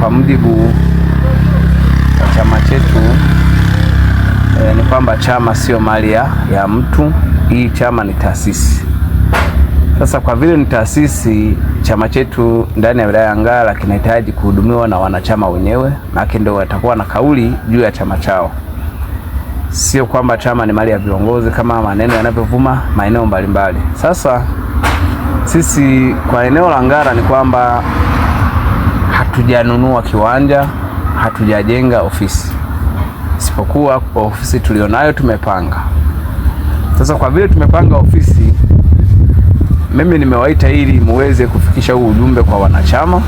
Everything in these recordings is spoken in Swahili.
kwa mujibu wa chama chetu e, ni kwamba chama sio mali ya mtu. Hii chama ni taasisi. Sasa kwa vile ni taasisi, chama chetu ndani ya wilaya ya Ngara kinahitaji kuhudumiwa na wanachama wenyewe, maana ndio watakuwa na kauli juu ya chama chao. Sio kwamba chama ni mali ya viongozi kama maneno yanavyovuma maeneo mbalimbali. Sasa sisi kwa eneo la Ngara ni kwamba hatujanunua kiwanja, hatujajenga ofisi, isipokuwa ofisi tulionayo tumepanga. Sasa kwa vile tumepanga ofisi, mimi nimewaita ili muweze kufikisha huu ujumbe kwa wanachama,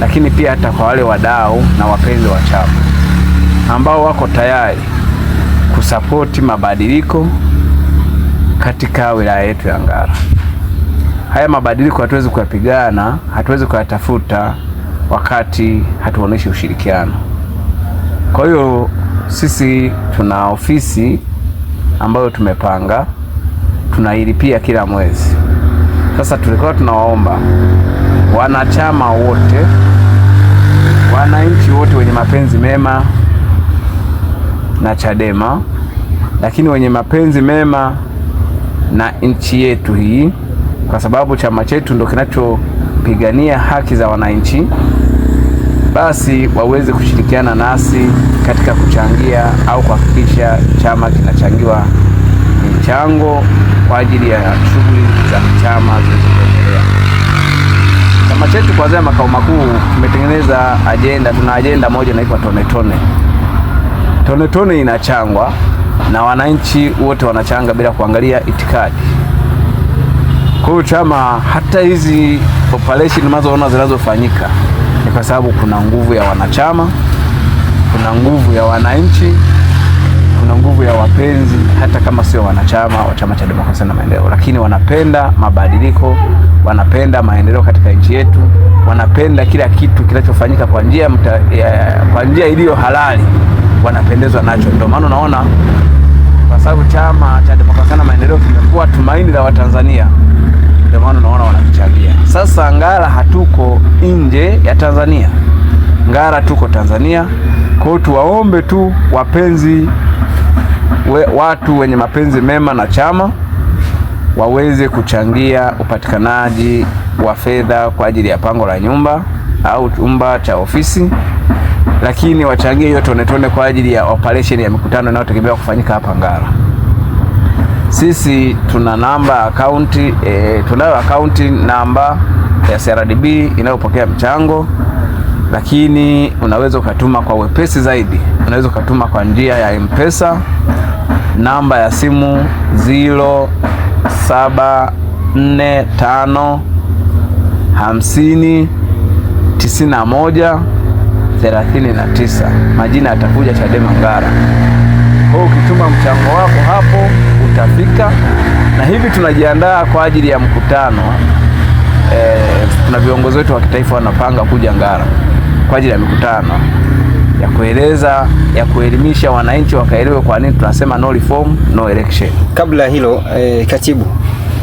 lakini pia hata kwa wale wadau na wapenzi wa chama ambao wako tayari kusapoti mabadiliko katika wilaya yetu ya Ngara. Haya mabadiliko hatuwezi kuyapigana, hatuwezi kuyatafuta wakati hatuonyeshi ushirikiano. Kwa hiyo sisi tuna ofisi ambayo tumepanga tunailipia kila mwezi. Sasa tulikuwa tunawaomba wanachama wote, wananchi wote wenye mapenzi mema na Chadema, lakini wenye mapenzi mema na nchi yetu hii, kwa sababu chama chetu ndio kinacho kupigania haki za wananchi, basi waweze kushirikiana nasi katika kuchangia au kuhakikisha chama kinachangiwa michango kwa ajili ya shughuli za chama zinazoendelea. Chama chetu kuanzia makao makuu tumetengeneza ajenda, tuna ajenda moja inaitwa tone tone. Tone tone inachangwa na wananchi wote wanachanga bila kuangalia itikadi. Kwa hiyo chama, hata hizi operation unazoona zinazofanyika ni kwa sababu kuna nguvu ya wanachama, kuna nguvu ya wananchi, kuna nguvu ya wapenzi, hata kama sio wanachama wa Chama cha Demokrasia na Maendeleo, lakini wanapenda mabadiliko, wanapenda maendeleo katika nchi yetu, wanapenda kila kitu kinachofanyika kwa njia kwa njia iliyo halali, wanapendezwa nacho. Ndio maana unaona kwa sababu Chama cha Demokrasia na Maendeleo kimekuwa tumaini la Watanzania ndio maana unaona wanatuchagia. Sasa Ngara hatuko nje ya Tanzania, Ngara tuko Tanzania. Kwa hiyo tuwaombe tu wapenzi we, watu wenye mapenzi mema na chama waweze kuchangia upatikanaji wa fedha kwa ajili ya pango la nyumba au chumba cha ofisi, lakini wachangie hiyo tone tone kwa ajili ya operation ya mikutano inayotegemewa kufanyika hapa Ngara. Sisi tuna namba ya akaunti e, tunayo akaunti namba ya CRDB inayopokea mchango, lakini unaweza ukatuma kwa wepesi zaidi, unaweza ukatuma kwa njia ya M-Pesa, namba ya simu 0745 50 91 39. Majina yatakuja Chadema Ngara. Kwa ukituma mchango wako hapo itafika, na hivi tunajiandaa kwa ajili ya mkutano kuna e, viongozi wetu wa kitaifa wanapanga kuja Ngara kwa ajili ya mikutano ya kueleza ya kuelimisha wananchi wakaelewe kwa nini tunasema no reform no election. Kabla hilo e, katibu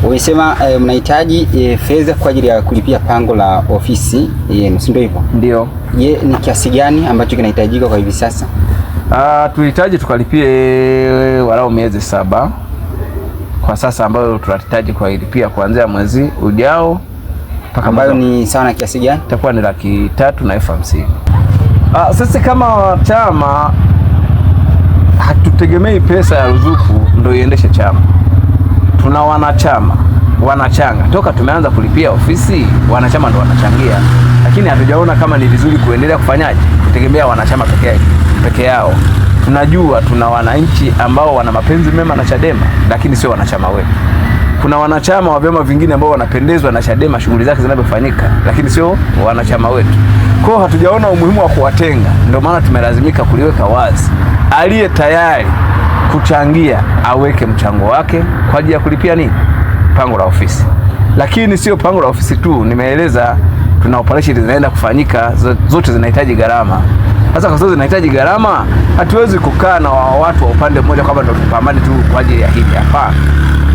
umesema e, mnahitaji e, fedha kwa ajili ya kulipia pango la ofisi yenu, si ndio? Hivyo ndio. Je, ni kiasi gani ambacho kinahitajika kwa hivi sasa? Ah, tulihitaji tukalipie e, walau miezi saba kwa sasa ambayo tunahitaji kuilipia kuanzia mwezi ujao mpaka ambayo ni sawa na kiasi gani? Itakuwa ni laki tatu na elfu hamsini. Ah, sisi kama chama hatutegemei pesa ya ruzuku ndio iendeshe chama. Tuna wanachama wanachanga toka tumeanza kulipia ofisi, wanachama ndio wanachangia, lakini hatujaona kama ni vizuri kuendelea kufanyaje, kutegemea wanachama pekee yake peke yao. Tunajua tuna wananchi ambao wana mapenzi mema na Chadema lakini sio wanachama wetu. Kuna wanachama wa vyama vingine ambao wanapendezwa na Chadema shughuli zake zinavyofanyika, lakini sio wanachama wetu. Kwa hiyo hatujaona umuhimu wa kuwatenga, ndio maana tumelazimika kuliweka wazi, aliye tayari kuchangia aweke mchango wake kwa ajili ya kulipia nini, pango la ofisi. Lakini sio pango la ofisi tu, nimeeleza tuna operesheni zinaenda kufanyika, zote zinahitaji gharama. Sasa kwa sababu zinahitaji gharama, hatuwezi kukaa na watu wa upande mmoja kwamba ndio tupambane tu kwa ajili ya hili hapa.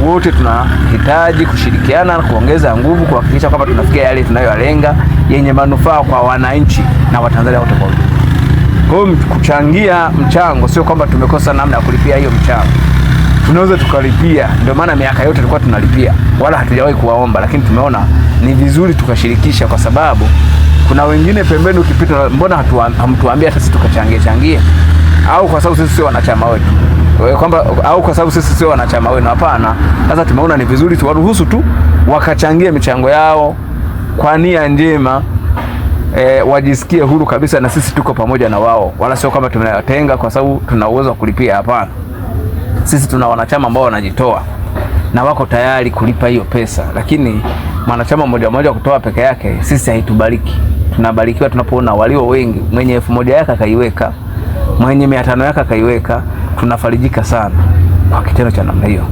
Wote tunahitaji kushirikiana, kuongeza nguvu, kuhakikisha kwamba tunafikia yale tunayoyalenga yenye manufaa kwa wananchi na Watanzania wote kwa ujumla. Kwa hiyo kuchangia mchango, sio kwamba tumekosa namna ya kulipia hiyo mchango, tunaweza tukalipia. Ndio maana miaka yote tulikuwa tunalipia, wala hatujawahi kuwaomba, lakini tumeona ni vizuri tukashirikisha kwa sababu kuna wengine pembeni ukipita, mbona hamtuambia hata sisi tukachangia changia? Au kwa sababu sisi sio wanachama wetu kwamba, au kwa sababu sisi sio wanachama wenu? Hapana. Sasa tumeona ni vizuri tuwaruhusu tu wakachangia michango yao kwa nia njema, e, wajisikie huru kabisa, na sisi tuko pamoja na wao, wala sio kwamba tumewatenga kwa sababu tuna uwezo wa kulipia. Hapana, sisi tuna wanachama ambao wanajitoa na wako tayari kulipa hiyo pesa, lakini mwanachama mmoja mmoja kutoa peke yake, sisi haitubariki. Tunabarikiwa tunapoona walio wengi, mwenye elfu moja yake akaiweka, mwenye mia tano yake akaiweka, tunafarijika sana kwa kitendo cha namna hiyo.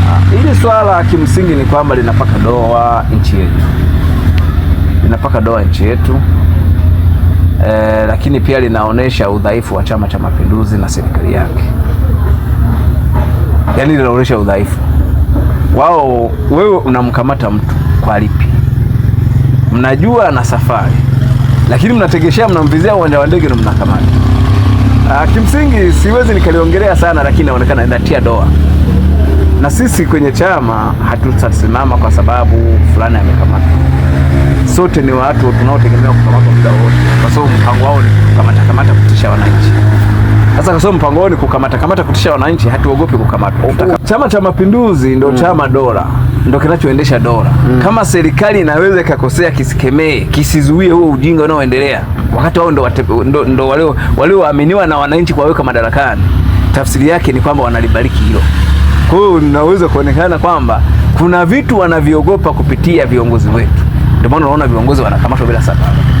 Ah, hili swala kimsingi ni kwamba linapaka doa nchi yetu, linapaka doa nchi yetu e, lakini pia linaonyesha udhaifu wa Chama cha Mapinduzi na serikali yake, yaani linaonyesha udhaifu wao, wewe unamkamata mtu kwa lipi? Mnajua ana safari, lakini mnategeshea, mnamvizia uwanja wa ndege na mnakamata. Ah, kimsingi siwezi nikaliongelea sana, lakini inaonekana inatia doa, na sisi kwenye chama hatutasimama kwa sababu fulani amekamata. Sote ni watu tunaotegemea kukamatwa muda wote, kwa sababu mpango wao ni kukamata kamata kutisha wananchi. Sasa kwa sababu mpango wao ni kukamata kamata, kutisha wananchi, hatuogopi kukamatwa. Chama cha Mapinduzi ndo mm. chama dola ndo kinachoendesha dola mm. Kama serikali inaweza ikakosea, kisikemee, kisizuie huo ujinga unaoendelea, wakati wao ndo, ndo, ndo walioaminiwa na wananchi kuwaweka madarakani. Tafsiri yake ni kwamba wanalibariki hilo. Kwa hiyo inaweza kuonekana kwamba kuna vitu wanaviogopa kupitia viongozi wetu, ndio maana unaona viongozi wanakamatwa bila sababu.